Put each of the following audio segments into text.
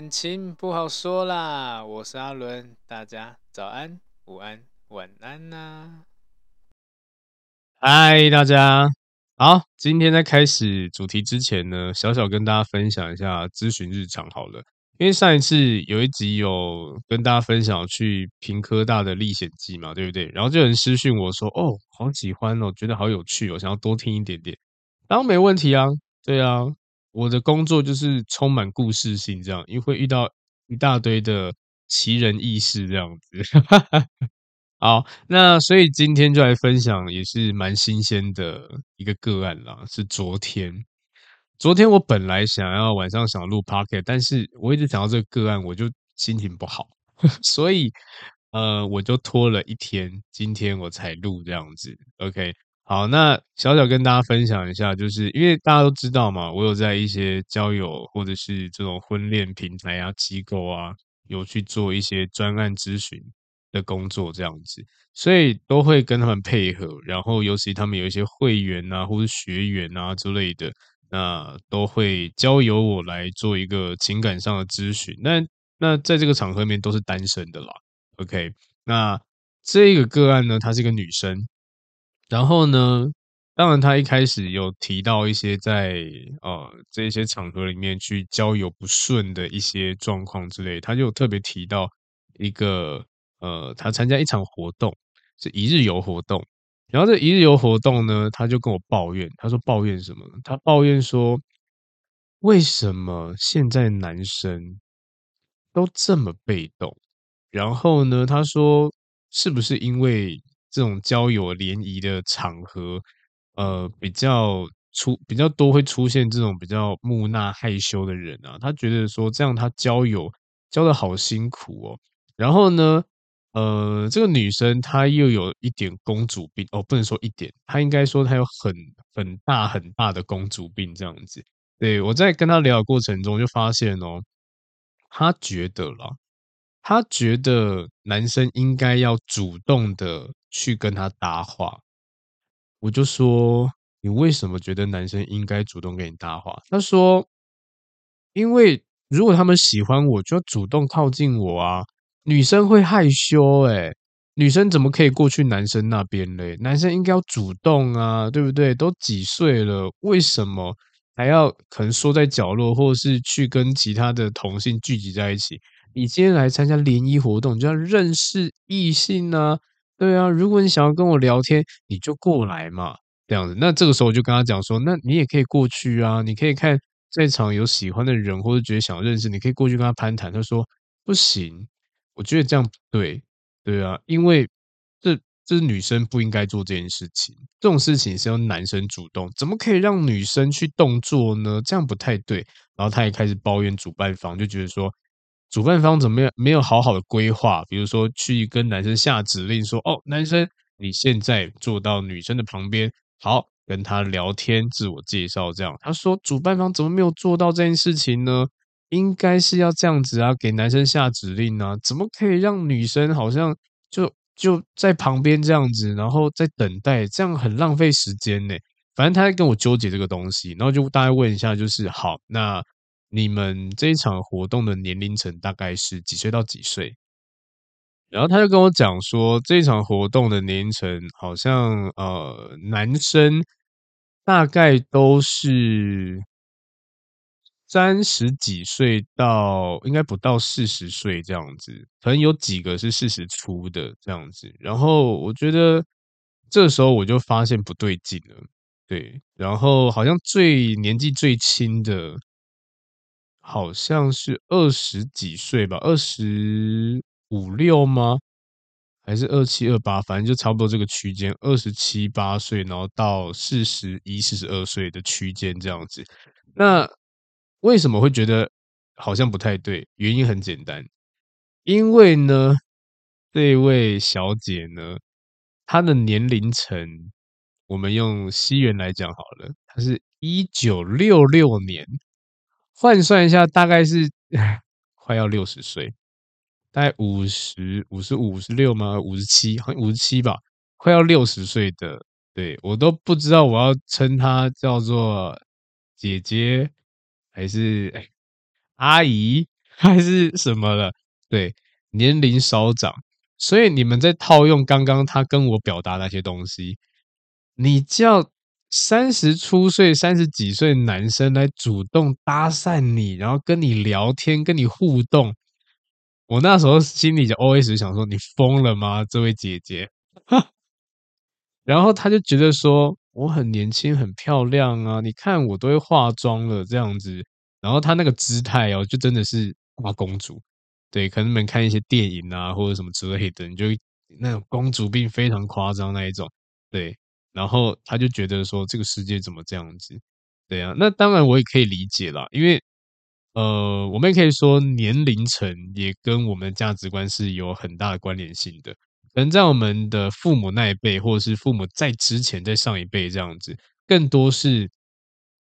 感情不好說啦，我是阿倫，大家早安、午安、晚安吶、啊！嗨，大家好，今天在開始主題之前呢，小小跟大家分享一下諮詢日常好了，因為上一次有一集有跟大家分享去屏科大的歷險記嘛，對不對？然後就有人私訊我說，哦，好喜歡哦，覺得好有趣，哦，想要多聽一點點，當然沒問題啊，對啊。我的工作就是充滿故事性，這樣，因為會遇到一大堆的奇人異事這樣子。 好，那所以今天就來分享，也是蠻新鮮的一個個案啦。是昨天，昨天我本來想要晚上想錄 Podcast，但是我一直想到這個個案，我就心情不好， 所以呃我就拖了一天，今天我才錄這樣子。OK。好，那小小跟大家分享一下，就是因為大家都知道嘛，我有在一些交友或者是這種婚戀平台啊、機構啊，有去做一些專案諮詢的工作，這樣子，所以都會跟他們配合。然後，尤其他們有一些會員啊，或是學員啊之類的，那都會交由我來做一個情感上的諮詢。那那在這個場合裡面都是單身的啦，OK？那這個個案呢，她是一個女生。然後呢，當然，他一開始有提到一些在呃這些場合裡面去交友不順的一些狀況之類。他就特別提到一個呃，他參加一場活動，是一日遊活動。然後這一日遊活動呢，他就跟我抱怨，他說抱怨什麼呢？他抱怨說，為什麼現在男生都這麼被動？然後呢，他說是不是因為？這種交友聯誼的場合，呃，比較出比較多會出現這種比較木訥害羞的人啊，他覺得說這樣他交友交得好辛苦哦。然後呢，呃，這個女生她又有一點公主病哦，不能說一點，她應該說她有很很大很大的公主病這樣子。對，我在跟她聊的過程中就發現哦，她覺得啦，她覺得男生應該要主動的。去跟他搭話，我就說你為什麼覺得男生應該主動跟你搭話？他說，因為如果他們喜歡我，就要主動靠近我啊。女生會害羞欸，誒女生怎麼可以過去男生那邊嘞？男生應該要主動啊，對不對？都幾歲了，為什麼還要可能縮在角落，或者是去跟其他的同性聚集在一起？你今天來參加聯誼活動，就要認識異性啊。對啊，如果你想要跟我聊天，你就過來嘛，這樣子。那這個時候我就跟他講說，那你也可以過去啊，你可以看在場有喜歡的人或者覺得想認識，你可以過去跟他攀談。他說不行，我覺得這樣不對，對啊，因為這這是女生不應該做這件事情，這種事情是由男生主動，怎麼可以讓女生去動作呢？這樣不太對。然後他也開始抱怨主辦方，就覺得說。主辦方怎麼沒有好好的規劃，比如說去跟男生下指令，說：“哦，男生，你現在坐到女生的旁邊，好，跟他聊天，自我介紹。”這樣，他說：“主辦方怎麼沒有做到這件事情呢？應該是要這樣子啊，給男生下指令啊，怎麼可以讓女生好像就就在旁邊這樣子，然後在等待，這樣很浪費時間呢？反正他在跟我糾結這個東西，然後就大概問一下，就是好，那。”你們這一場活動的年齡層大概是幾歲到幾歲？然後他就跟我講說，這場活動的年齡層好像呃，男生大概都是三十幾歲到應該不到四十歲這樣子，可能有幾個是四十出的這樣子。然後我覺得這時候我就發現不對勁了，對，然後好像最年紀最輕的。好像是二十幾歲吧，二十五六嗎？還是二七二八？反正就差不多這個區間，二十七八歲，然後到四十一、四十二歲的區間這樣子。那為什麼會覺得好像不太對？原因很簡單，因為呢，這位小姐呢，她的年齡層，我們用西元來講好了，她是一九六六年。換算、算一下，大概是快要六十歲，大概五十、五十、五十六嗎？五十七，好像五十七吧，快要六十歲的，對，我都不知道我要稱她叫做姐姐還是、欸、阿姨還是什麼了。對，年齡稍長，所以你們在套用剛剛他跟我表達那些東西，你叫。三十出歲、三十幾歲男生來主動搭訕你，然後跟你聊天、跟你互動，我那時候心裡就 always 想說：你瘋了嗎？這位姐姐。哈。然後他就覺得說：我很年輕、很漂亮啊！你看我都會化妝了，這樣子。然後他那個姿態哦，就真的是哇公主。對，可能你們看一些電影啊，或者什麼之類的，你就那種公主病非常誇張那一種。對。然後他就覺得說，這個世界怎麼這樣子？對啊，那當然我也可以理解啦，因為呃，我們也可以說年齡層也跟我們的價值觀是有很大的關聯性的。可能在我們的父母那一輩，或者是父母再之前、再上一輩這樣子，更多是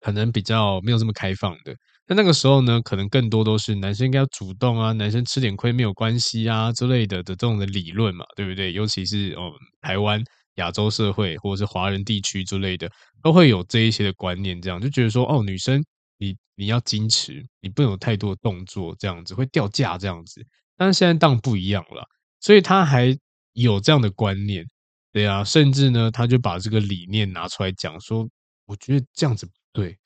可能比較沒有這麼開放的。那那個時候呢，可能更多都是男生應該要主動啊，男生吃點虧沒有關係啊之類的的這種的理論嘛，對不對？尤其是哦、呃、台灣。亞洲社會或者是華人地區之類的，都會有這一些的觀念，這樣就覺得說，哦，女生你你要矜持，你不能有太多動作，這樣子會掉價，這樣子。但是現在當不一樣了，所以他還有這樣的觀念，對啊，甚至呢，他就把這個理念拿出來講，說，我覺得這樣子不對。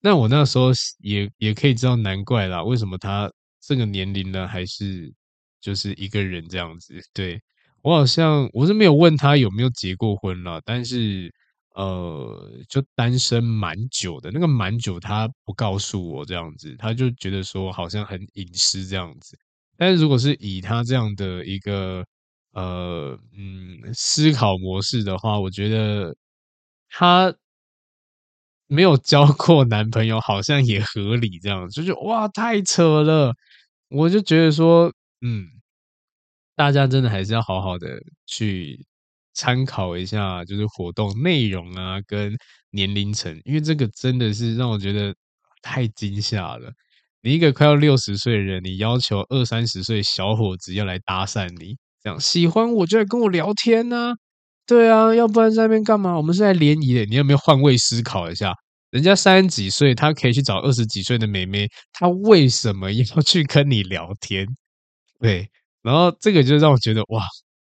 那我那時候也也可以知道，難怪啦，為什麼他這個年齡呢，還是就是一個人這樣子，對。我好像我是沒有問他有沒有結過婚啦，但是呃，就單身蠻久的。那個蠻久，他不告訴我這樣子，他就覺得說好像很隱私這樣子。但是如果是以他這樣的一個呃嗯思考模式的話，我覺得他沒有交過男朋友，好像也合理。這樣子就是哇，太扯了！我就覺得說嗯。大家真的還是要好好的去參考一下，就是活動內容啊，跟年齡層，因為這個真的是讓我覺得太驚嚇了。你一個快要六十歲的人，你要求二三十歲小伙子要來搭訕你，這樣喜歡我就來跟我聊天啊？對啊，要不然在那邊幹嘛？我們是在聯誼的，你有沒有換位思考一下？人家三十幾歲，他可以去找二十幾歲的妹妹，他為什麼要去跟你聊天？對。然後這個就讓我覺得哇，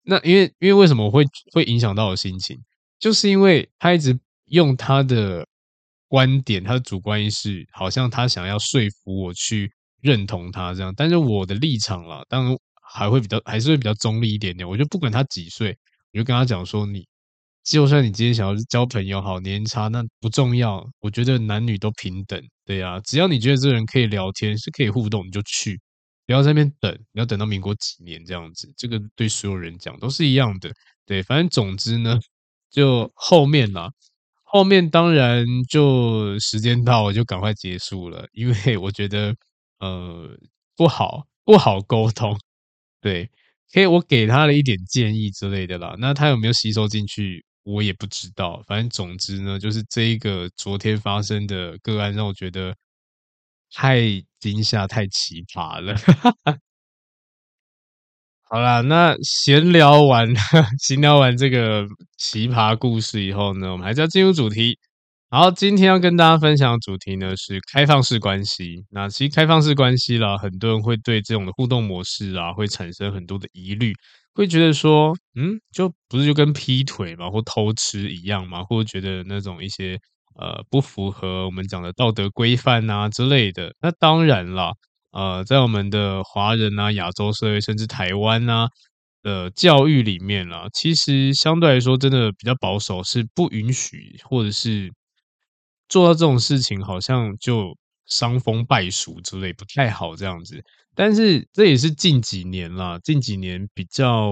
那因為因為為什麼我會會影響到我心情，就是因為他一直用他的觀點，他的主觀意識，好像他想要說服我去認同他這樣，但是我的立場啦，當然還會比較還是會比較中立一點點。我就不管他幾歲，我就跟他講說你，你就算你今天想要交朋友好，年齡差，那不重要。我覺得男女都平等，對呀、啊，只要你覺得這個人可以聊天是可以互動，你就去。不要在那邊等，你要等到民國幾年這樣子，這個對所有人講都是一樣的。對，反正總之呢，就後面啦，後面當然就時間到，就趕快結束了，因為我覺得呃不好，不好溝通。對，可以我給他了一點建議之類的啦，那他有沒有吸收進去，我也不知道。反正總之呢，就是這一個昨天發生的個案，讓我覺得太。驚嚇，太奇葩了！ 好啦，那閒聊完，閒聊完這個奇葩故事以後呢，我們還是要進入主題。然後今天要跟大家分享的主題呢是開放式關係。那其實開放式關係啦，很多人會對這種的互動模式啊，會產生很多的疑慮，會覺得說，嗯，就不是就跟劈腿嘛，或偷吃一樣嘛，或者覺得那種一些。呃，不符合我們講的道德規範啊之類的。那當然了，呃，在我們的華人啊、亞洲社會甚至台灣啊，呃，教育裡面啦，其實相對來說真的比較保守，是不允許或者是做到這種事情，好像就傷風敗俗之類，不太好這樣子。但是這也是近幾年啦，近幾年比較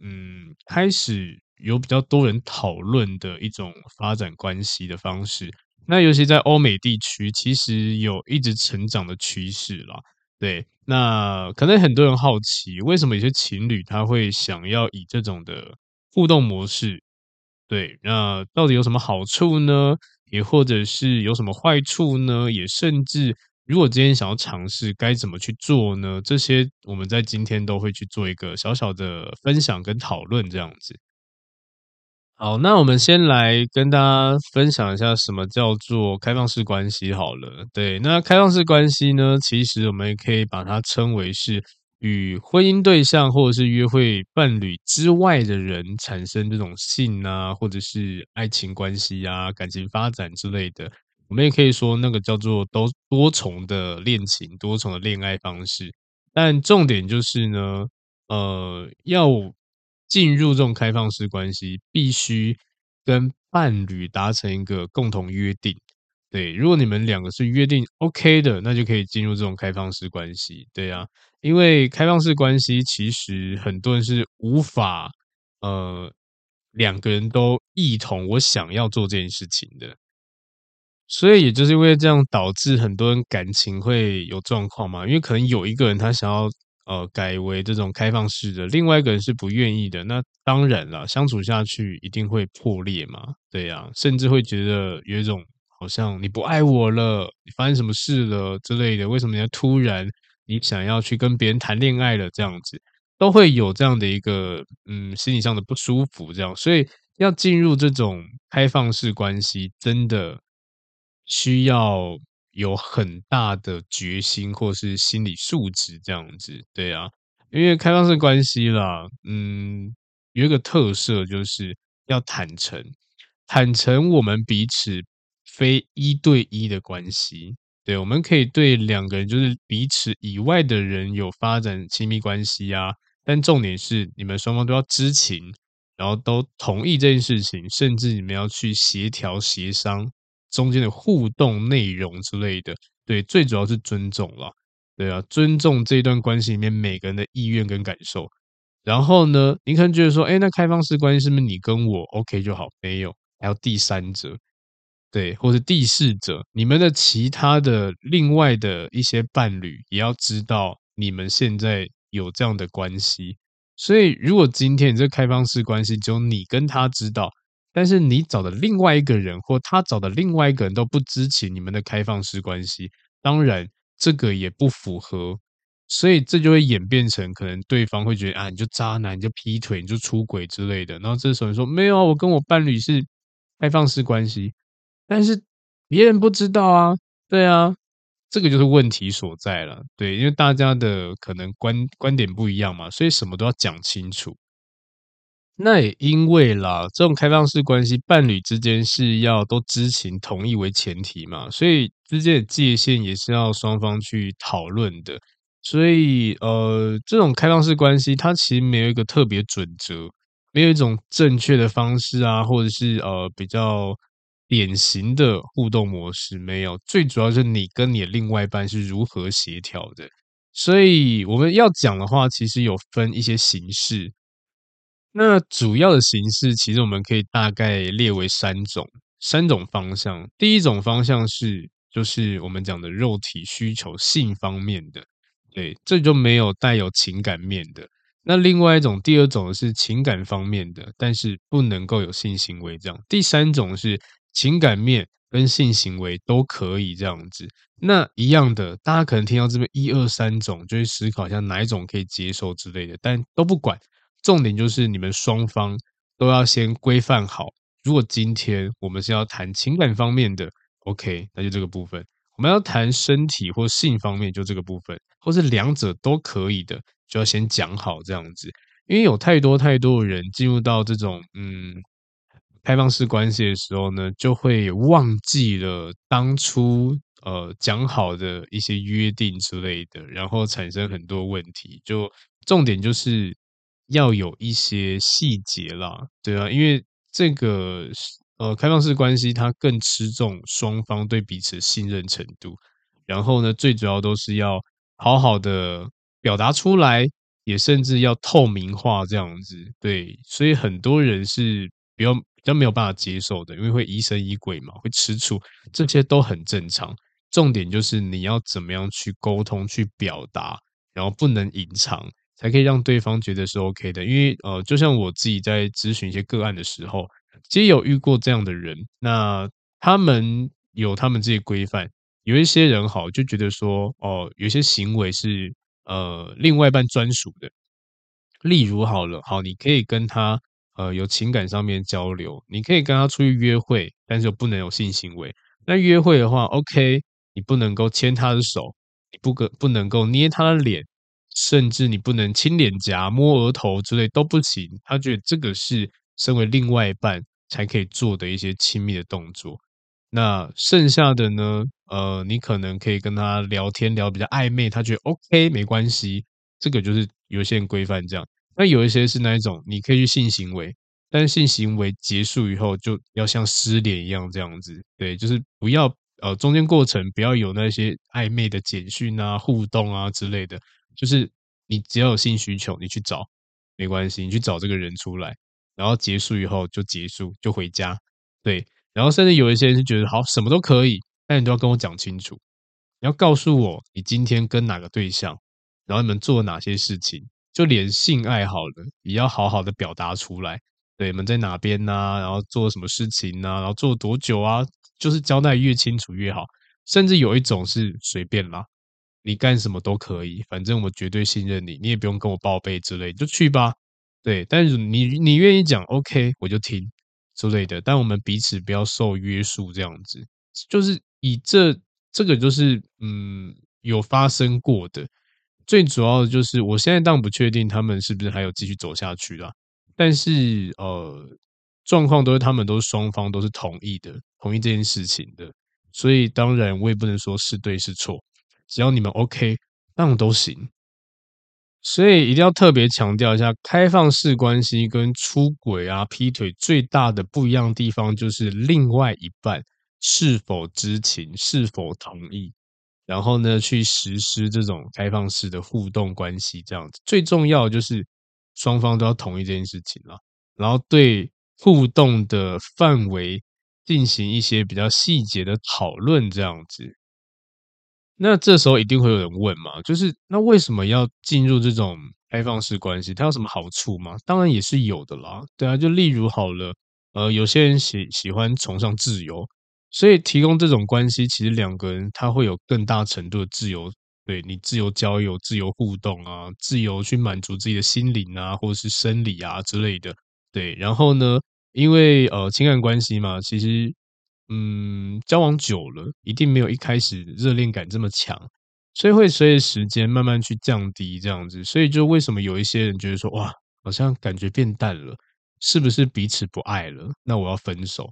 嗯開始有比較多人討論的一種發展關係的方式，那尤其在歐美地區，其實有一直成長的趨勢啦。對，那可能很多人好奇，為什麼有些情侶他會想要以這種的互動模式？對，那到底有什麼好處呢？也或者是有什麼壞處呢？也甚至如果今天想要嘗試，該怎麼去做呢？這些我們在今天都會去做一個小小的分享跟討論，這樣子。好，那我們先來跟大家分享一下什麼叫做開放式關係好了。對，那開放式關係呢，其實我們也可以把它稱為是與婚姻對象或者是約會伴侶之外的人產生這種性啊，或者是愛情關係啊、感情發展之類的。我們也可以說那個叫做多多重的戀情、多重的戀愛方式。但重點就是呢，呃，要。進入這種開放式關係，必須跟伴侶達成一個共同約定。對，如果你們兩個是約定 OK 的，那就可以進入這種開放式關係。對啊，因為開放式關係其實很多人是無法呃兩個人都一同，我想要做這件事情的。所以也就是因為這樣，導致很多人感情會有狀況嘛，因為可能有一個人他想要。呃，改為這種開放式的，另外一個人是不願意的，那當然了，相處下去一定會破裂嘛，對呀、啊，甚至會覺得有一種好像你不愛我了，你發生什麼事了之類的，為什麼人家突然你想要去跟別人談戀愛了，這樣子都會有這樣的一個嗯心理上的不舒服，這樣，所以要進入這種開放式關係，真的需要。有很大的決心或是心理素質這樣子，對啊，因為開放式關係啦，嗯，有一個特色就是要坦誠，坦誠我們彼此非一對一的關係，對，我們可以對兩個人就是彼此以外的人有發展親密關係啊，但重點是你們雙方都要知情，然後都同意這件事情，甚至你們要去協調協商。中間的互動內容之類的，對，最主要是尊重了，對啊，尊重這段關係裡面每個人的意願跟感受。然後呢，你可能覺得說，哎，那開放式關係是不是你跟我 OK 就好？沒有，還有第三者，對，或者第四者，你們的其他的另外的一些伴侶也要知道你們現在有這樣的關係。所以，如果今天你這開放式關係只有你跟他知道。但是你找的另外一個人，或他找的另外一個人，都不知情你們的開放式關係。當然，這個也不符合，所以這就會演變成可能對方會覺得啊，你就渣男，你就劈腿，你就出軌之類的。然後這時候你說沒有啊，我跟我伴侶是開放式關係，但是別人不知道啊，對啊，這個就是問題所在了，對，因為大家的可能觀觀點不一樣嘛，所以什麼都要講清楚。那也因為啦，這種開放式關係，伴侶之間是要都知情同意為前提嘛，所以之間的界限也是要雙方去討論的。所以，呃，這種開放式關係它其實沒有一個特別準則，沒有一種正確的方式啊，或者是呃比較典型的互動模式沒有。最主要是你跟你的另外一半是如何協調的。所以我們要講的話，其實有分一些形式。那主要的形式，其實我們可以大概列為三種，三種方向。第一種方向是，就是我們講的肉體需求性方面的，對，這就沒有帶有情感面的。那另外一種，第二種是情感方面的，但是不能夠有性行為這樣。第三種是情感面跟性行為都可以這樣子。那一樣的，大家可能聽到這邊一二三種，就會思考一下哪一種可以接受之類的，但都不管。重點就是你們雙方都要先規範好。如果今天我們是要談情感方面的，OK，那就這個部分；我們要談身體或性方面，就這個部分；或是兩者都可以的，就要先講好這樣子。因為有太多太多的人進入到這種嗯開放式關係的時候呢，就會忘記了當初呃講好的一些約定之類的，然後產生很多問題。就重點就是。要有一些細節啦，對啊，因為這個呃開放式關係它更吃重雙方對彼此的信任程度，然後呢，最主要都是要好好的表達出來，也甚至要透明化這樣子，對，所以很多人是比較比較沒有辦法接受的，因為會疑神疑鬼嘛，會吃醋，這些都很正常。重點就是你要怎麼樣去溝通、去表達，然後不能隱藏，才可以讓對方覺得是 OK 的，因為呃，就像我自己在諮詢一些個案的時候，其實有遇過這樣的人，那他們有他們自己規範，有一些人好就覺得說，哦，呃，有些行為是呃另外一半專屬的，例如好了，好，你可以跟他呃有情感上面交流，你可以跟他出去約會，但是又不能有性行為。那約會的話，OK，你不能夠牽他的手，你不可不能夠捏他的臉。甚至你不能親臉頰、摸額頭之類都不行，他覺得這個是身為另外一半才可以做的一些親密的動作。那剩下的呢？呃，你可能可以跟他聊天聊比較曖昧，他覺得 OK 沒關係，這個就是有限規範這樣。那有一些是那一種，你可以去性行為，但性行為結束以後就要像失聯一樣這樣子，對，就是不要呃中間過程不要有那些曖昧的簡訊啊、互動啊之類的。就是你只要有性需求，你去找沒關係，你去找這個人出來，然後結束以後就結束，就回家。對，然後甚至有一些人就覺得好什麼都可以，但你都要跟我講清楚，你要告訴我你今天跟哪個對象，然後你們做了哪些事情，就連性愛好了也要好好的表達出來。對，你們在哪邊呢、啊？然後做什麼事情呢、啊？然後做多久啊？就是交代越清楚越好。甚至有一種是隨便啦。你幹什麼都可以，反正我絕對信任你，你也不用跟我報備之類，就去吧。對，但是你你願意講，OK，我就聽之類的。但我們彼此不要受約束，這樣子就是以這這個就是嗯有發生過的。最主要的就是我現在倒不確定他們是不是還有繼續走下去啦，但是呃，狀況都是他們都雙方都是同意的，同意這件事情的。所以當然我也不能說是對是錯。只要你們 OK，那種都行。所以一定要特別強調一下，開放式關係跟出軌啊、劈腿最大的不一樣地方，就是另外一半是否知情、是否同意，然後呢，去實施這種開放式的互動關係這樣子。最重要的就是雙方都要同意這件事情了，然後對互動的範圍進行一些比較細節的討論這樣子。那這時候一定會有人問嘛，就是那為什麼要進入這種開放式關係？它有什麼好處嗎？當然也是有的啦，對啊，就例如好了，呃，有些人喜喜歡崇尚自由，所以提供這種關係，其實兩個人他會有更大程度的自由，對，你自由交友、自由互動啊，自由去滿足自己的心靈啊，或者是生理啊之類的，對。然後呢，因為呃，情感關係嘛，其實。嗯，交往久了，一定沒有一開始熱戀感這麼強，所以會隨着時間慢慢去降低這樣子。所以就為什麼有一些人覺得說，哇，好像感覺變淡了，是不是彼此不愛了？那我要分手。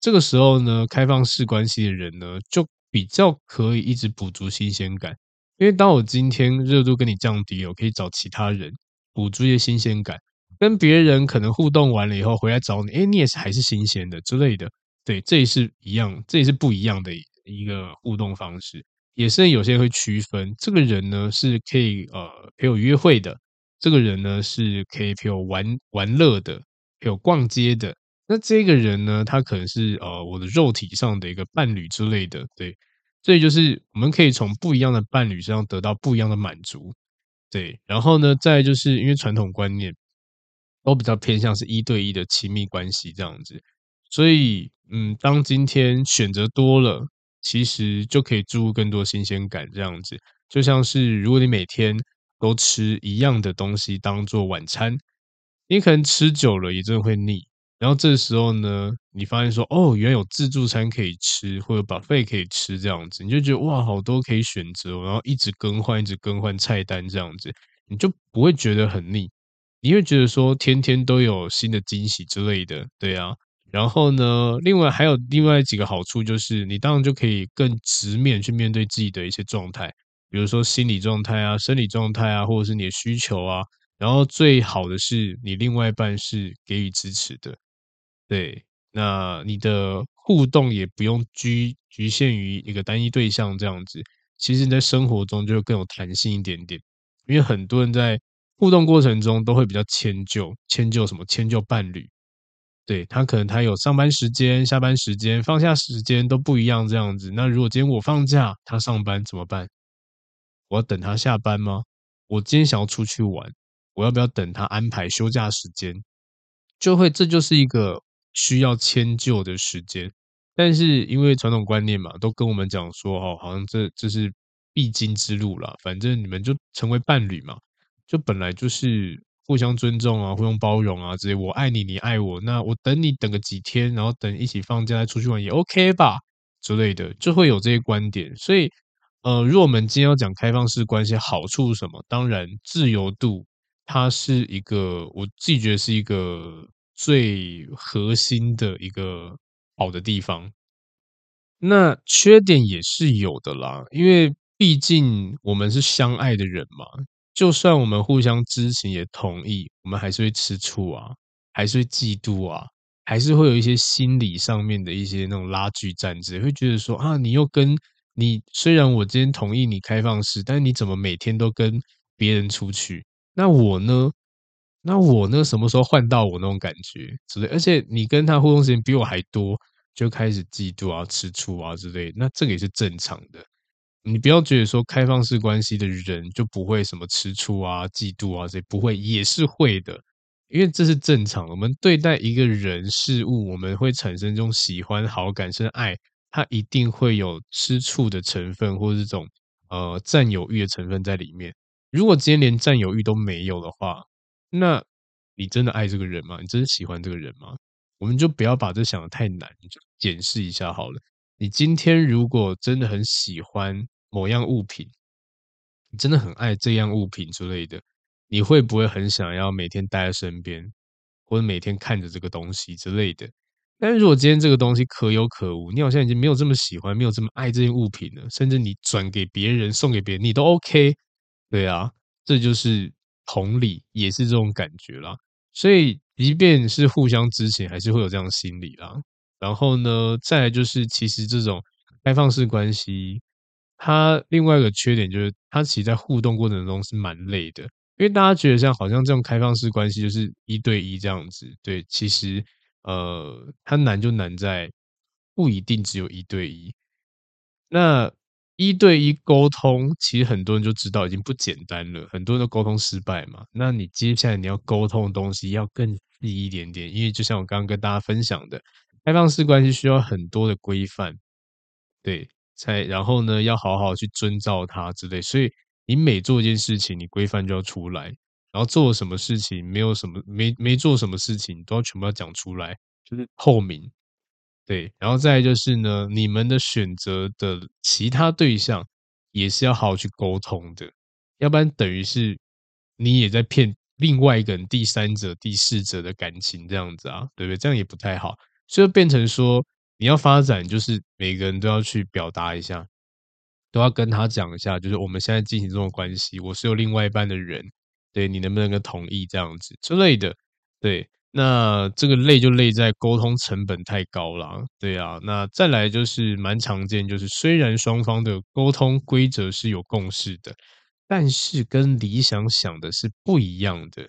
這個時候呢，開放式關係的人呢，就比較可以一直補足新鮮感，因為當我今天熱度跟你降低，我可以找其他人補足一些新鮮感，跟別人可能互動完了以後回來找你，哎，你也是還是新鮮的之類的。對，這也是一樣，這也是不一樣的一個互動方式。也是有些人會區分，這個人呢是可以呃陪我約會的，這個人呢是可以陪我玩玩樂的，陪我逛街的。那這個人呢，他可能是呃我的肉體上的一個伴侶之類的。對，所以就是我們可以從不一樣的伴侶身上得到不一樣的滿足。對，然後呢，再就是因為傳統觀念都比較偏向是一對一的親密關係這樣子。所以，嗯，當今天選擇多了，其實就可以注入更多新鮮感。這樣子，就像是如果你每天都吃一樣的東西當做晚餐，你可能吃久了也真的會膩。然後這時候呢，你發現說，哦，原來有自助餐可以吃，或者 buffet 可以吃這樣子，你就覺得哇，好多可以選擇哦，然後一直更換，一直更換菜單這樣子，你就不會覺得很膩，你會覺得說，天天都有新的驚喜之類的，對啊。然後呢，另外還有另外幾個好處，就是你當然就可以更直面去面對自己的一些狀態，比如說心理狀態啊、生理狀態啊，或者是你的需求啊。然後最好的是你另外一半是給予支持的，對，那你的互動也不用局局限於一個單一對象這樣子。其實你在生活中就會更有彈性一點點，因為很多人在互動過程中都會比較遷就，遷就什麼？遷就伴侶。對，他可能他有上班時間、下班時間、放假時間都不一樣這樣子，那如果今天我放假，他上班怎麼辦？我要等他下班嗎？我今天想要出去玩，我要不要等他安排休假時間？就會，這就是一個需要遷就的時間。但是因為傳統觀念嘛，都跟我們講說，哦，好像這這是必經之路了。反正你們就成為伴侶嘛，就本來就是。互相尊重啊，互相包容啊，這些我愛你，你愛我，那我等你等個幾天，然後等一起放假再出去玩也 OK 吧之類的，就會有這些觀點。所以，呃，如果我們今天要講開放式關係好處是什麼，當然自由度它是一個，我自己覺得是一個最核心的一個好的地方。那缺點也是有的啦，因為畢竟我們是相愛的人嘛。就算我們互相知情也同意，我們還是會吃醋啊，還是會嫉妒啊，還是會有一些心理上面的一些那種拉鋸戰，只會覺得說啊，你又跟你雖然我今天同意你開放式，但是你怎麼每天都跟別人出去？那我呢？那我呢？什麼時候換到我那種感覺？對不對？而且你跟他互動時間比我還多，就開始嫉妒啊、吃醋啊之類。那這個也是正常的。你不要覺得說開放式關係的人就不會什麼吃醋啊、嫉妒啊這些，不會也是會的，因為這是正常。我們對待一個人事物，我們會產生這種喜歡、好感甚至愛，它一定會有吃醋的成分或者這種呃占有欲的成分在裡面。如果今天連占有欲都沒有的話，那你真的愛這個人嗎？你真的喜歡這個人嗎？我們就不要把這想得太難，就檢視一下好了。你今天如果真的很喜歡，某樣物品，你真的很愛這樣物品之類的，你會不會很想要每天呆在身邊，或者每天看着這個東西之類的？但是如果今天這個東西可有可無，你好像已經沒有這麼喜歡，沒有這麼愛這件物品了，甚至你轉給別人，送給別人，你都 OK，對啊，這就是同理，也是這種感覺啦。所以，即便是互相知情，還是會有這樣心理啦。然後呢，再來就是，其實這種開放式關係。它另外一個缺點就是，它其實，在互動過程中是蠻累的，因為大家覺得像好像這種開放式關係就是一對一這樣子，對，其實呃，它難就難在不一定只有一對一。那一對一溝通，其實很多人就知道已經不簡單了，很多人都溝通失敗嘛。那你接下來你要溝通的東西要更細一點點，因為就像我剛剛跟大家分享的，開放式關係需要很多的規範，對。才，然後呢，要好好去遵照他之類，所以你每做一件事情，你規範就要出來，然後做什麼事情，沒有什麼沒沒做什麼事情，都要全部要講出來，就是透明。對，然後再來就是呢，你們的選擇的其他對象也是要好好去溝通的，要不然等於是你也在騙另外一個人、第三者、第四者的感情這樣子啊，對不對？這樣也不太好，所以就變成說。你要發展，就是每個人都要去表達一下，都要跟他講一下，就是我們現在進行這種關係，我是有另外一半的人，對你能不能夠同意這樣子之類的，對，那這個累就累在溝通成本太高了，對啊，那再來就是蠻常見，就是雖然雙方的溝通規則是有共識的，但是跟理想想的是不一樣的，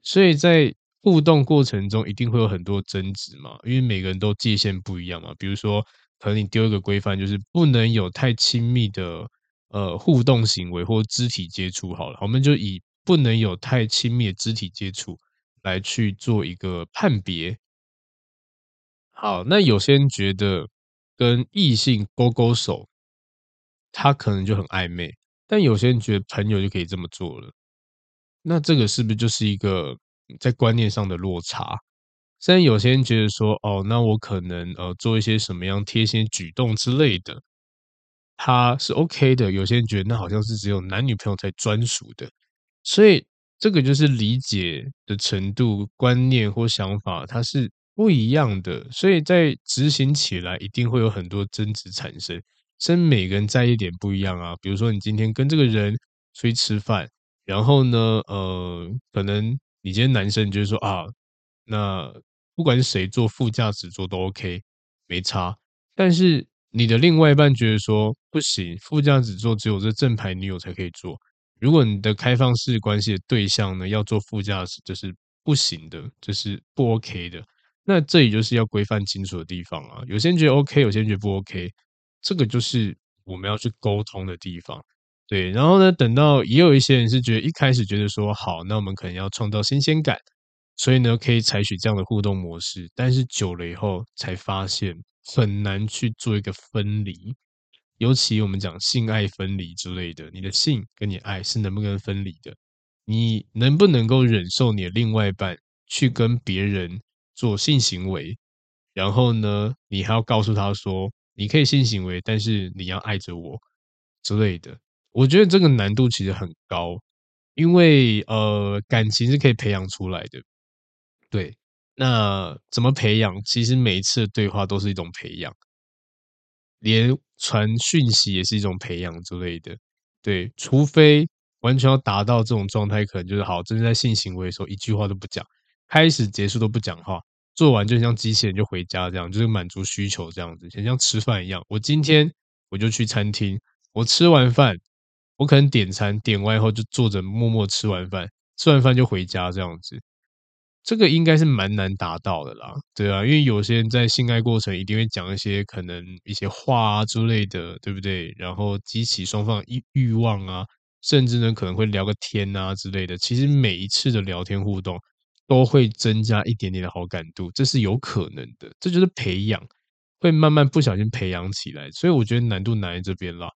所以在。互動過程中一定會有很多爭執嘛，因為每個人都界限不一樣嘛。比如說，可能你丟一個規範，就是不能有太親密的呃互動行為或肢體接觸好了。好，我們就以不能有太親密的肢體接觸來去做一個判別。好，那有些人覺得跟異性勾勾手，他可能就很曖昧，但有些人覺得朋友就可以這麼做了。那這個是不是就是一個？在觀念上的落差，雖然有些人覺得說，哦，那我可能呃做一些什麼樣貼心舉動之類的，他是 OK 的。有些人覺得那好像是只有男女朋友才專屬的，所以這個就是理解的程度、觀念或想法，它是不一樣的。所以在執行起來一定會有很多爭執產生，真每個人在意點不一樣啊。比如說你今天跟這個人出去吃飯，然後呢，呃，可能。你今天男生你就說啊，那不管是誰坐副駕駛座都 OK，沒差。但是你的另外一半覺得說不行，副駕駛座只有這正牌女友才可以坐。如果你的開放式關係的對象呢，要坐副駕駛就是不行的，這，就是不 OK 的。那這裡就是要規範清楚的地方啊。有些人覺得 OK，有些人覺得不 OK，這個就是我們要去溝通的地方。對，然後呢，等到也有一些人是覺得一開始覺得說好，那我們可能要創造新鮮感，所以呢，可以採取這樣的互動模式。但是久了以後，才發現很難去做一個分離，尤其我們講性愛分離之類的，你的性跟你愛是能不能分離的？你能不能夠忍受你的另外一半去跟別人做性行為？然後呢，你還要告訴他說，你可以性行為，但是你要愛着我之類的。我覺得這個難度其實很高，因為呃，感情是可以培養出來的。對，那怎麼培養？其實每一次的對話都是一種培養，連傳訊息也是一種培養之類的。對，除非完全要達到這種狀態，可能就是好，真的在性行為的時候一句話都不講，開始結束都不講話，做完就像機器人就回家這樣，就是滿足需求這樣子，很像吃飯一樣。我今天我就去餐廳，我吃完飯。我可能點餐點完以後就坐着默默吃完飯，吃完飯就回家這樣子，這個應該是蠻難達到的啦，對啊，因為有些人在性愛過程一定會講一些可能一些話啊之類的，對不對？然後激起雙方欲慾望啊，甚至呢可能會聊個天啊之類的。其實每一次的聊天互動都會增加一點點的好感度，這是有可能的，這就是培養，會慢慢不小心培養起來，所以我覺得難度難在這邊啦。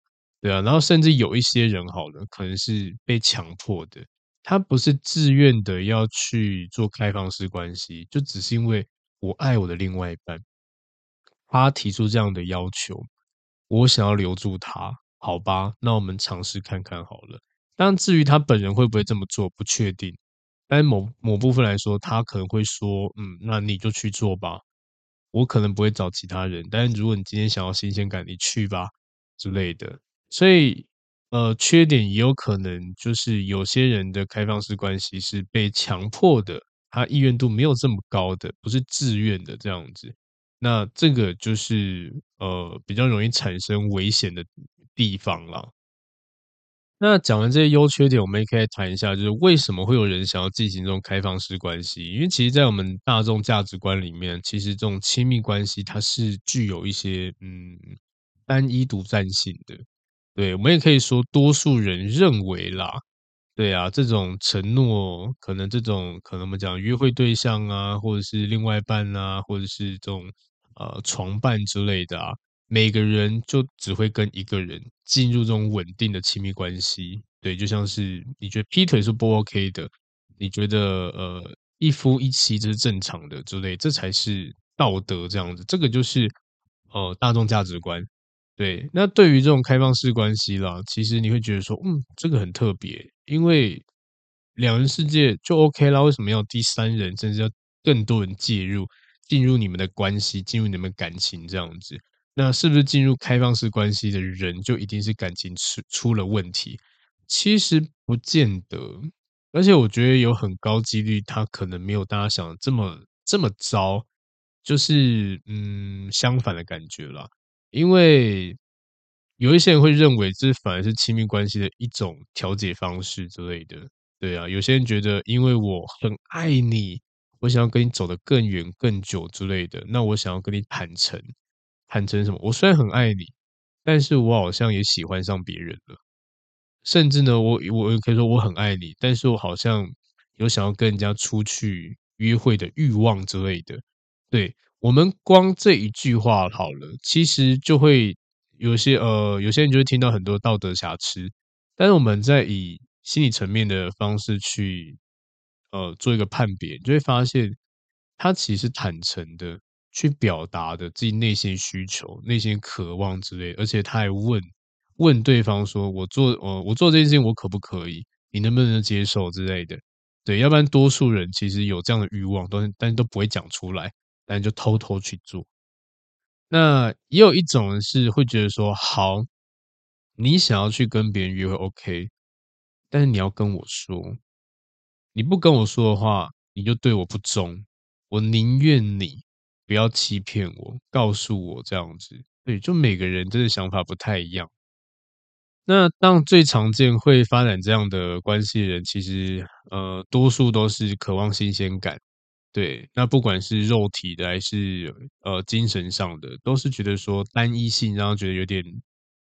對啊，然後甚至有一些人好了，可能是被強迫的，他不是自願的要去做開放式關係，就只是因為我愛我的另外一半，他提出這樣的要求，我想要留住他，好吧，那我們嘗試看看好了。當然，至於他本人會不會這麼做，不確定。但是某某部分來說，他可能會說，嗯，那你就去做吧，我可能不會找其他人，但是如果你今天想要新鮮感，你去吧之類的。所以，呃，缺點也有可能就是有些人的開放式關係是被強迫的，他意願度沒有這麼高的，不是自願的這樣子。那這個就是呃比較容易產生危險的地方啦。那講完這些優缺點，我們也可以談一下，就是為什麼會有人想要進行這種開放式關係？因為其實，在我們大眾價值觀裡面，其實這種親密關係它是具有一些嗯單一獨佔性的。對，我們也可以說，多數人認為啦，對啊，這種承諾，可能這種可能我們講約會對象啊，或者是另外一半啊，或者是這種呃床伴之類的啊，每個人就只會跟一個人進入這種穩定的親密關係。對，就像是你覺得劈腿是不 OK 的，你覺得呃一夫一妻這是正常的之類，這才是道德這樣子，這個就是呃大眾價值觀。對，那對於這種開放式關係啦，其實你會覺得說，嗯，這個很特別，因為兩人世界就 OK 啦，為什麼要第三人甚至要更多人介入，進入你們的關係，進入你們的感情這樣子？那是不是進入開放式關係的人就一定是感情出出了問題？其實不見得，而且我覺得有很高幾率，他可能沒有大家想的這麼這麼糟，就是嗯，相反的感覺啦。因為有一些人會認為這反而是親密關係的一種調節方式之類的，對啊。有些人覺得，因為我很愛你，我想要跟你走得更遠、更久之類的，那我想要跟你坦誠，坦誠什麼？我雖然很愛你，但是我好像也喜歡上別人了。甚至呢，我我，我可以說我很愛你，但是我好像有想要跟人家出去約會的慾望之類的，對。我們光這一句話好了，其實就會有些呃，有些人就會聽到很多道德瑕疵。但是我們在以心理層面的方式去呃做一個判別，就會發現他其實坦誠的去表達的自己內心需求、內心渴望之類，而且他還問問對方說：“我做我、呃、我做這件事情，我可不可以？你能不能接受之類的？”對，要不然多數人其實有這樣的慾望，但是但是都不會講出來。但就偷偷去做。那也有一種人是會覺得說，好，你想要去跟別人約會，OK，但是你要跟我說，你不跟我說的話，你就對我不忠。我寧願你不要欺騙我，告訴我這樣子。對，就每個人真的想法不太一樣。那當最常見會發展這樣的關係的人，其實呃，多數都是渴望新鮮感。對，那不管是肉體的還是呃精神上的，都是覺得說單一性，然後覺得有點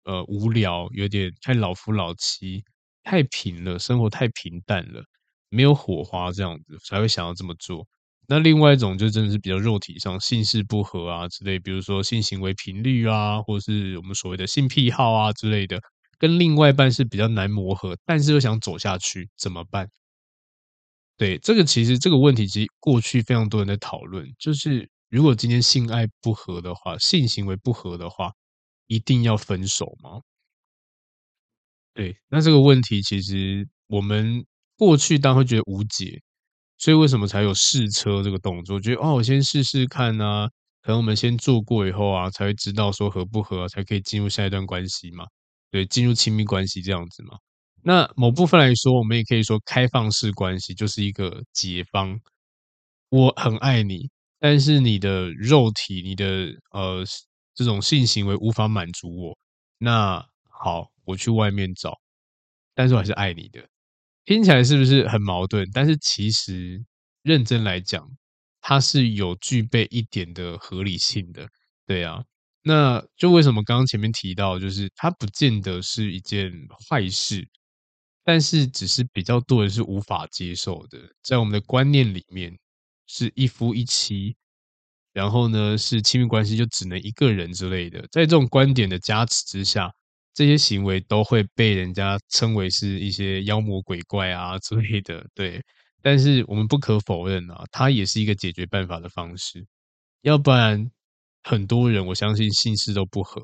呃無聊，有點太老夫老妻，太平了，生活太平淡了，沒有火花這樣子，才會想要這麼做。那另外一種就真的是比較肉體上，性事不合啊之類，比如說性行為頻率啊，或是我們所謂的性癖好啊之類的，跟另外一半是比較難磨合，但是又想走下去，怎麼辦？對，這個其實這個問題其實過去非常多人在討論，就是如果今天性愛不合的話，性行為不合的話，一定要分手嗎？對，那這個問題其實我們過去當然會覺得無解，所以為什麼才有試車這個動作？我覺得哦，我先試試看啊，可能我們先做過以後啊，才會知道說合不合啊，才可以進入下一段關係嘛，對，進入親密關係這樣子嘛。那某部分來說，我們也可以說開放式關係就是一個解方。我很愛你，但是你的肉體、你的呃這種性行為無法滿足我。那好，我去外面找，但是我還是愛你的。聽起來是不是很矛盾？但是其實認真來講，它是有具備一點的合理性的，對啊。那就為什麼剛剛前面提到，就是它不見得是一件壞事。但是，只是比較多人是無法接受的，在我們的觀念裡面，是一夫一妻，然後呢是親密關係就只能一個人之類的。在這種觀點的加持之下，這些行為都會被人家稱為是一些妖魔鬼怪啊之類的。對，但是我們不可否認啊，它也是一個解決辦法的方式。要不然，很多人我相信性事都不合，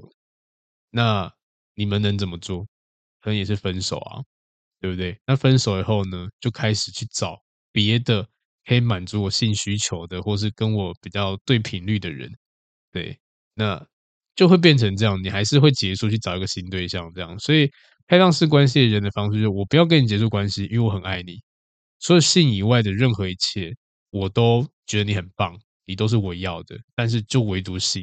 那你們能怎麼做？可能也是分手啊。對不對？那分手以後呢，就開始去找別的可以滿足我性需求的，或是跟我比較對頻率的人。對，那就會變成這樣，你還是會結束去找一個新對象。這樣，所以開放式關係的人的方式就是，我不要跟你結束關係，因為我很愛你。除了性以外的任何一切，我都覺得你很棒，你都是我要的。但是就唯獨性，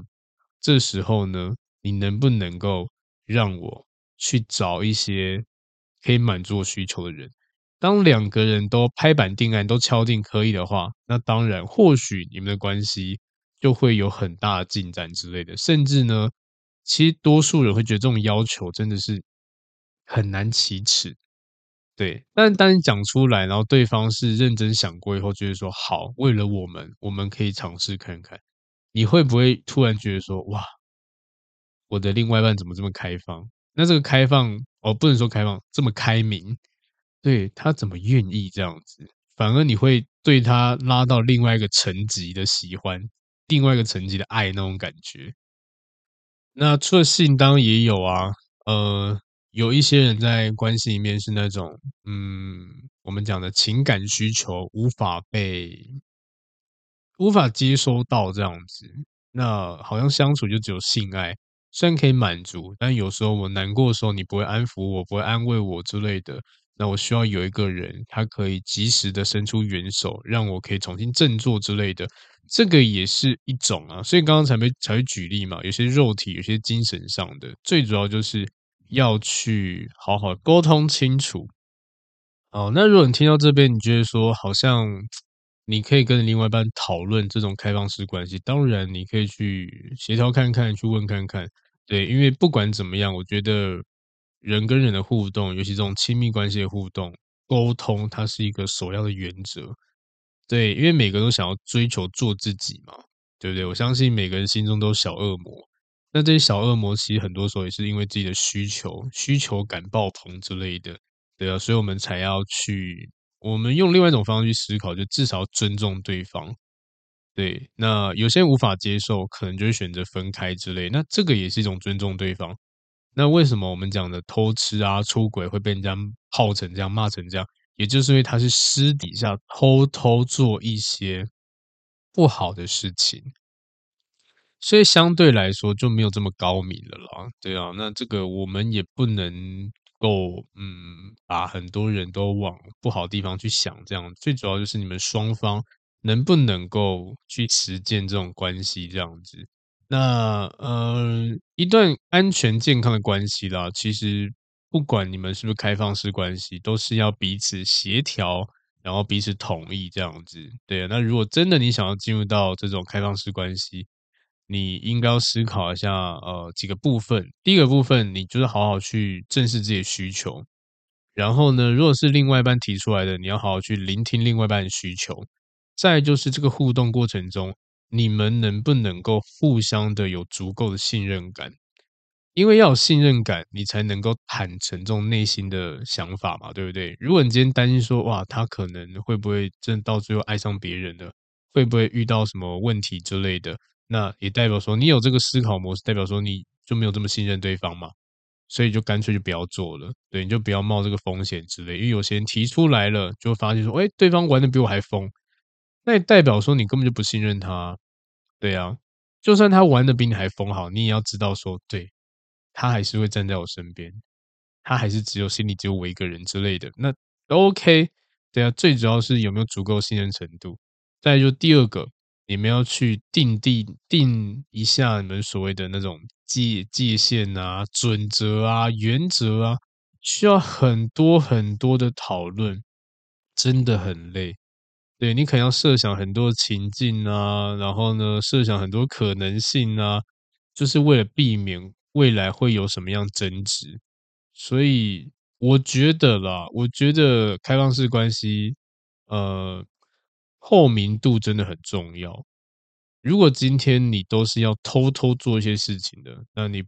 這時候呢，你能不能夠讓我去找一些……可以滿足我需求的人，當兩個人都拍板定案、都敲定可以的話，那當然，或許你們的關係就會有很大的進展之類的。甚至呢，其實多數人會覺得這種要求真的是很難啟齒。對，但當你講出來，然後對方是認真想過以後，就是說好，為了我們，我們可以嘗試看看，你會不會突然覺得說，哇，我的另外一半怎麼這麼開放？那這個開放。哦，不能說開放，這麼開明，對，他怎麼願意這樣子？反而你會對他拉到另外一個層級的喜歡，另外一個層級的愛那種感覺。那除了性，當然也有啊，呃，有一些人在關係裡面是那種，嗯，我們講的情感需求無法被，無法接收到這樣子，那好像相處就只有性愛。雖然可以滿足，但有時候我難過的時候，你不會安撫我，不會安慰我之類的。那我需要有一個人，他可以及時的伸出援手，讓我可以重新振作之類的。這個也是一種啊。所以剛剛才被才舉例嘛，有些肉體，有些精神上的。最主要就是要去好好溝通清楚。哦，那如果你聽到這邊，你覺得說好像你可以跟另外一半討論這種開放式關係，當然你可以去協調看看，去問看看。對，因為不管怎麼樣，我覺得人跟人的互動，尤其這種親密關係的互動，溝通它是一個首要的原則。對，因為每個人都想要追求做自己嘛，對不對？我相信每個人心中都是小惡魔，那這些小惡魔其實很多時候也是因為自己的需求，需求感爆棚之類的，對啊，所以我們才要去，我們用另外一種方式去思考，就至少尊重對方。對，那有些無法接受，可能就會選擇分開之類。那這個也是一種尊重對方。那為什麼我們講的偷吃啊、出軌會被人家炮成這樣？罵成這樣，也就是因為他是私底下偷偷做一些不好的事情，所以相對來說就沒有這麼高明了啦。對啊，那這個我們也不能夠嗯，把很多人都往不好的地方去想。這樣最主要就是你們雙方，能不能夠去實踐這種關係這樣子？那呃，一段安全健康的關係啦，其實不管你們是不是開放式關係，都是要彼此協調，然後彼此同意這樣子。對，那如果真的你想要進入到這種開放式關係，你應該要思考一下呃幾個部分。第一個部分，你就是好好去正視自己的需求。然後呢，如果是另外一半提出來的，你要好好去聆聽另外一半的需求。再就是這個互動過程中，你們能不能夠互相的有足夠的信任感？因為要有信任感，你才能夠坦誠這種內心的想法嘛，對不對？如果你今天擔心說，哇，他可能會不會真的到最後愛上別人了，會不會遇到什麼問題之類的，那也代表說你有這個思考模式，代表說你就沒有這麼信任對方嘛，所以就乾脆就不要做了，對，你就不要冒這個風險之類。因為有些人提出來了，就會發現說，哎、欸，對方玩的比我還瘋。那也代表說你根本就不信任他啊，對啊，就算他玩的比你還瘋好，你也要知道說，對，他還是會站在我身邊，他還是只有心裡只有我一個人之類的，那 OK，對啊，最主要是有沒有足夠信任程度，再來就第二個，你們要去定定定一下你們所謂的那種界界限啊、準則啊、原則啊，需要很多很多的討論，真的很累。對，你可能要設想很多情境啊，然後呢，設想很多可能性啊，就是為了避免未來會有什麼樣爭執。所以我覺得啦，我覺得開放式關係，呃，透明度真的很重要。如果今天你都是要偷偷做一些事情的，那你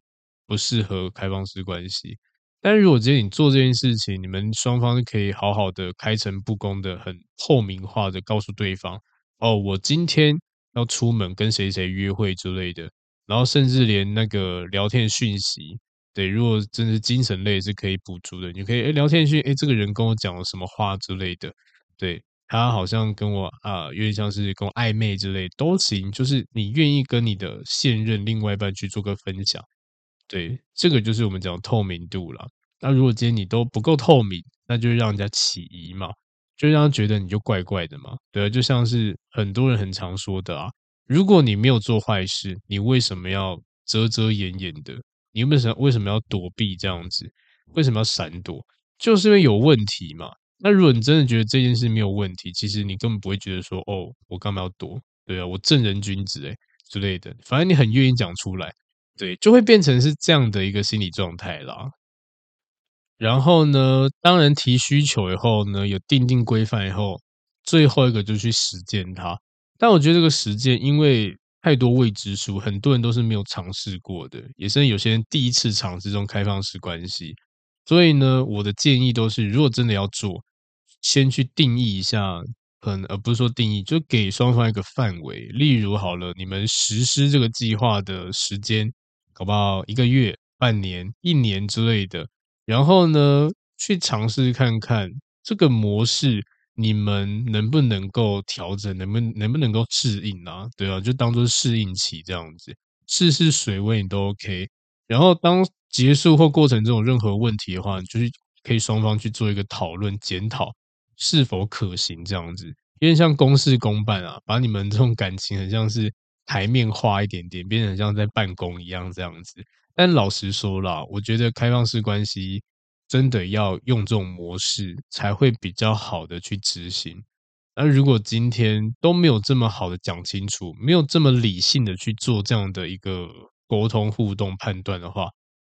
不適合開放式關係。但是如果今天你做這件事情，你們雙方可以好好的、開誠佈公的、很透明化的告訴對方：哦，我今天要出門跟誰誰約會之類的。然後，甚至連那個聊天訊息，對，如果真的是精神類是可以補足的，你可以誒聊天訊息，哎，這個人跟我講了什麼話之類的。對，他好像跟我啊，有點像是跟我曖昧之類都行，就是你願意跟你的現任另外一半去做個分享。對，這個就是我們講的透明度了。那如果今天你都不夠透明，那就讓人家起疑嘛，就讓人家覺得你就怪怪的嘛。對啊，就像是很多人很常說的啊，如果你沒有做壞事，你為什麼要遮遮掩掩的？你為什麼為什麼要躲避這樣子？為什麼要閃躲？就是因為有問題嘛。那如果你真的覺得這件事沒有問題，其實你根本不會覺得說哦，我幹嘛要躲？對啊，我正人君子誒、欸、之類的，反正你很願意講出來。對，就會變成是這樣的一個心理狀態啦。然後呢，當人提需求以後呢，有訂定規範以後，最後一個就去實踐它。但我覺得這個實踐，因為太多未知數，很多人都是沒有嘗試過的，也是有些人第一次嘗試這種開放式關係。所以呢，我的建議都是，如果真的要做，先去定義一下，很，而不是說定義，就給雙方一個範圍。例如，好了，你們實施這個計劃的時間。好不好？一個月、半年、一年之類的，然後呢，去嘗試看看這個模式，你們能不能夠調整，能不能不能夠適應啊？對啊，就當做適應期這樣子，試試水溫你都 OK。然後當結束或過程中有任何問題的話，你就是可以雙方去做一個討論檢討，是否可行這樣子。因為像公事公辦啊，把你們這種感情，很像是。檯面化一點點，變成像在辦公一樣這樣子。但老實說啦，我覺得開放式關係真的要用這種模式才會比較好的去執行。那如果今天都沒有這麼好的講清楚，沒有這麼理性的去做這樣的一個溝通互動判斷的話，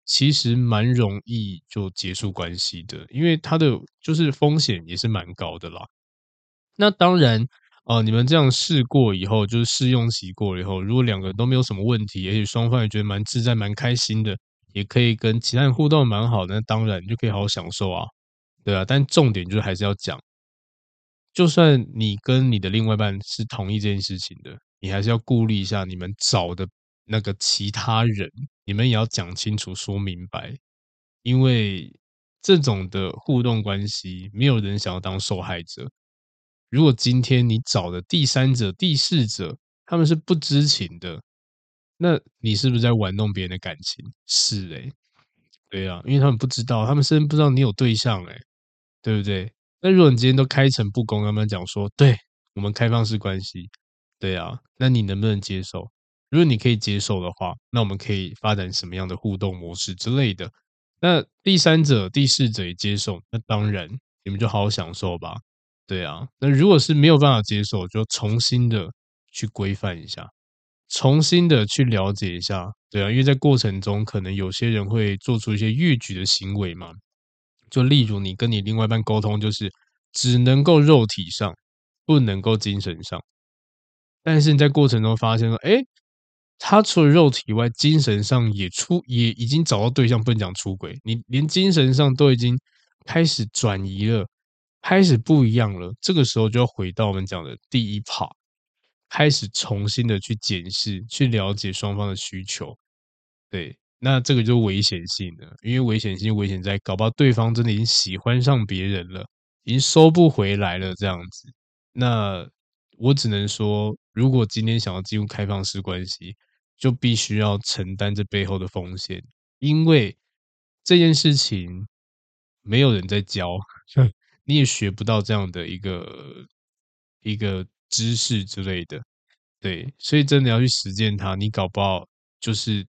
其實蠻容易就結束關係的，因為它的就是風險也是蠻高的啦。那當然。哦，你們這樣試過以後，就是試用期過了以後，如果兩個人都沒有什麼問題，也許雙方也覺得蠻自在、蠻開心的，也可以跟其他人互動蠻好的，當然就可以好好享受啊，對啊，但重點就是還是要講，就算你跟你的另外一半是同意這件事情的，你還是要顧慮一下你們找的那個其他人，你們也要講清楚、說明白，因為這種的互動關係，沒有人想要當受害者。如果今天你找的第三者、第四者，他們是不知情的，那你是不是在玩弄別人的感情？是誒、欸，對啊，因為他們不知道，他們甚至不知道你有對象誒、欸，對不對？那如果你今天都開誠布公，他們講說，對我們開放式關係，對啊，那你能不能接受？如果你可以接受的話，那我們可以發展什麼樣的互動模式之類的？那第三者、第四者也接受，那當然，你們就好好享受吧。對啊，那如果是沒有辦法接受，就重新的去規範一下，重新的去了解一下，對啊，因為在過程中可能有些人會做出一些逾矩的行為嘛，就例如你跟你另外一半溝通，就是只能夠肉體上，不能夠精神上，但是你在過程中發現說，誒，他除了肉體以外，精神上也出也已經找到對象，不能講出軌，你連精神上都已經開始轉移了。開始不一樣了，這個時候就要回到我們講的第一 part，開始重新的去檢視、去了解雙方的需求。對，那這個就危險性了，因為危險性危險在，搞不好對方真的已經喜歡上別人了，已經收不回來了這樣子。那我只能說，如果今天想要進入開放式關係，就必須要承擔這背後的風險，因為這件事情沒有人在教。 你也學不到這樣的一個一個知識之類的，對，所以真的要去實踐它。你搞不好就是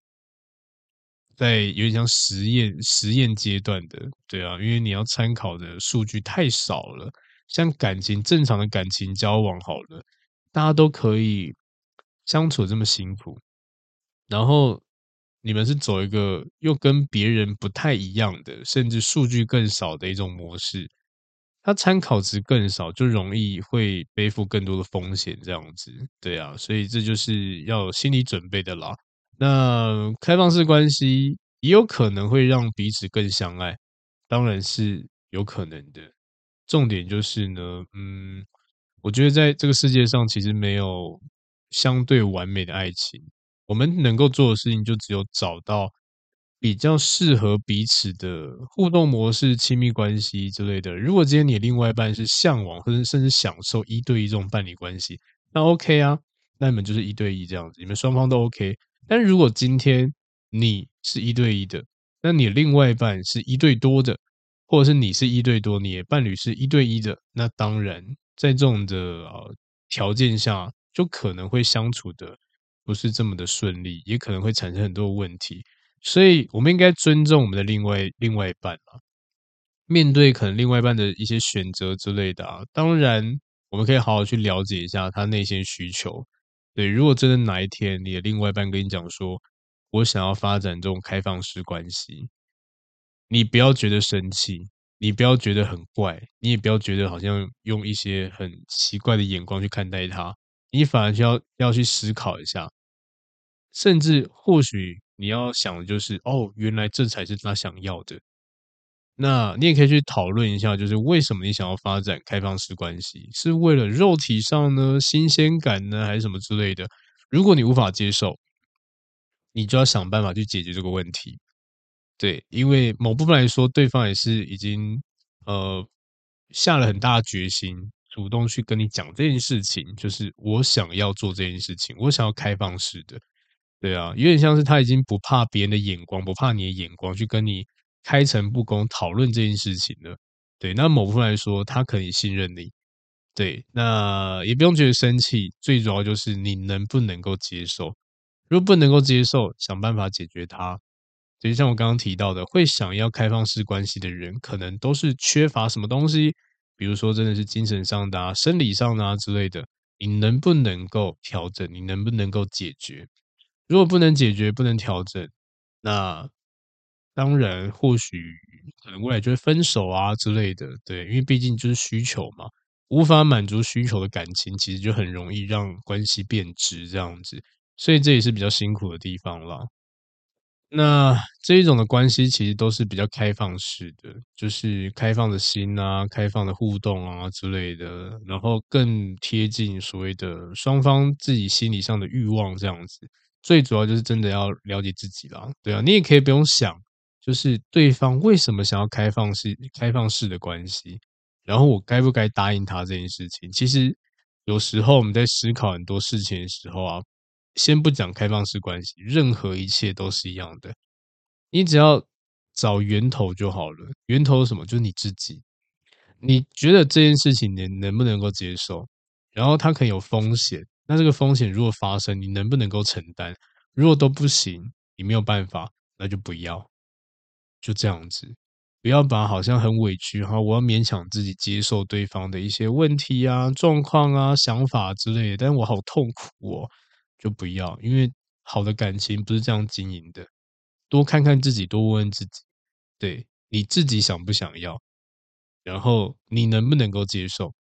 在有點像實驗實驗階段的，對啊，因為你要參考的數據太少了。像感情正常的感情交往，好了，大家都可以相處這麼辛苦，然後你們是走一個又跟別人不太一樣的，甚至數據更少的一種模式。它參考值更少，就容易會背負更多的風險，這樣子，對啊，所以這就是要有心理準備的啦。那開放式關係也有可能會讓彼此更相愛，當然是有可能的。重點就是呢，嗯，我覺得在這個世界上其實沒有相對完美的愛情，我們能夠做的事情就只有找到。比較適合彼此的互動模式，親密關係之類的。如果今天你的另外一半是嚮往，或者甚至享受一對一這種伴侶關係，那 OK 啊，那你們就是一對一這樣子，你們雙方都 OK。但如果今天你是一對一的，那你的另外一半是一對多的，或者是你是一對多，你的伴侶是一對一的，那當然在這種的啊、條件下，就可能會相處的不是這麼的順利，也可能會產生很多問題。所以，我們應該尊重我們的另外另外一半啊，面對可能另外一半的一些選擇之類的啊，當然我們可以好好去了解一下他內心需求。對，如果真的哪一天你的另外一半跟你講說，我想要發展這種開放式關係，你不要覺得生氣，你不要覺得很怪，你也不要覺得好像用一些很奇怪的眼光去看待他，你反而就要要去思考一下，甚至或許。你要想的就是哦，原來這才是他想要的。那你也可以去討論一下，就是為什麼你想要發展開放式關係，是為了肉體上呢、新鮮感呢，還是什麼之類的？如果你無法接受，你就要想辦法去解決這個問題。對，因為某部分來說，對方也是已經呃下了很大的決心，主動去跟你講這件事情，就是我想要做這件事情，我想要開放式的。對啊，有點像是他已經不怕別人的眼光，不怕你的眼光，去跟你開誠布公討論這件事情了。對，那某部分來說，他可以信任你。對，那也不用覺得生氣，最主要就是你能不能夠接受。如果不能夠接受，想辦法解決它。就像我剛剛提到的，會想要開放式關係的人，可能都是缺乏什麼東西，比如說真的是精神上的啊、生理上的啊之類的。你能不能夠調整？你能不能夠解決？如果不能解決、不能調整，那當然或許可能未來就會分手啊之類的。對，因為畢竟就是需求嘛，無法滿足需求的感情，其實就很容易讓關係變質這樣子。所以這也是比較辛苦的地方啦。那這一種的關係其實都是比較開放式的，就是開放的心啊、開放的互動啊之類的，然後更貼近所謂的雙方自己心理上的慾望這樣子。最主要就是真的要了解自己啦，對啊，你也可以不用想，就是對方為什麼想要開放式、開放式的關係，然後我該不該答應他這件事情？其實有時候我們在思考很多事情的時候啊，先不講開放式關係，任何一切都是一樣的，你只要找源頭就好了。源頭是什麼？就是你自己，你覺得這件事情你能不能夠接受？然後他可能有風險。那這個風險如果發生，你能不能夠承擔？如果都不行，你沒有辦法，那就不要，就這樣子，不要把好像很委屈哈，我要勉強自己接受對方的一些問題啊、狀況啊、想法之類的，但是我好痛苦哦，就不要，因為好的感情不是這樣經營的。多看看自己，多問自己，對，你自己想不想要？然後你能不能夠接受？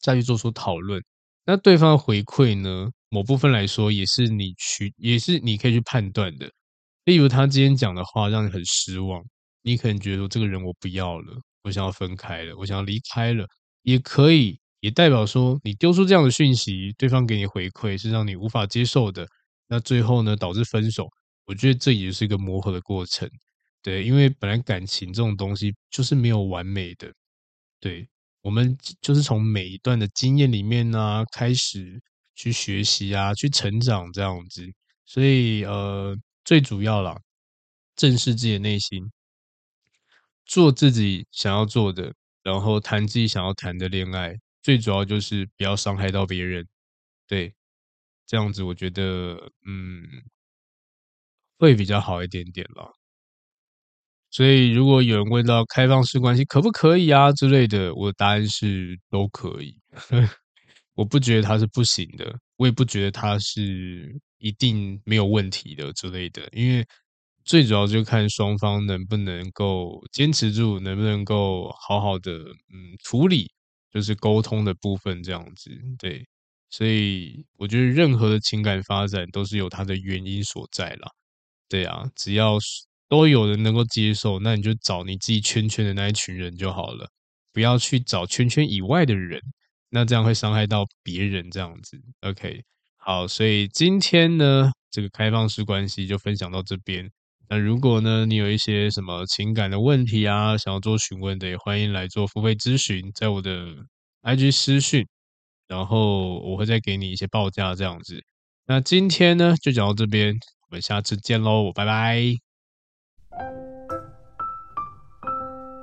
再去做出討論。那對方回饋呢？某部分來說，也是你去，也是你可以去判斷的。例如，他今天講的話讓你很失望，你可能覺得說這個人我不要了，我想要分開了，我想要離開了，也可以，也代表說你丟出這樣的訊息，對方給你回饋是讓你無法接受的。那最後呢，導致分手，我覺得這也是一個磨合的過程。對，因為本來感情這種東西就是沒有完美的，對。我們就是從每一段的經驗裡面呢啊，開始去學習啊，去成長這樣子。所以呃，最主要啦，正視自己的內心，做自己想要做的，然後談自己想要談的戀愛。最主要就是不要傷害到別人，對，這樣子我覺得嗯，會比較好一點點了。所以，如果有人問到開放式關係可不可以啊之類的，我的答案是都可以。 我不覺得它是不行的，我也不覺得它是一定沒有問題的之類的。因為最主要就看雙方能不能夠堅持住，能不能夠好好的嗯處理，就是溝通的部分這樣子。對，所以我覺得任何的情感發展都是有它的原因所在啦。對啊，只要是。都有人能夠接受，那你就找你自己圈圈的那一群人就好了，不要去找圈圈以外的人，那這樣會傷害到別人這樣子。OK，好，所以今天呢，這個開放式關係就分享到這邊。那如果呢，你有一些什麼情感的問題啊，想要做詢問的，也歡迎來做付費諮詢，在我的 IG 私訊，然後我會再給你一些報價這樣子。那今天呢，就講到這邊，我們下次見嘍，拜拜。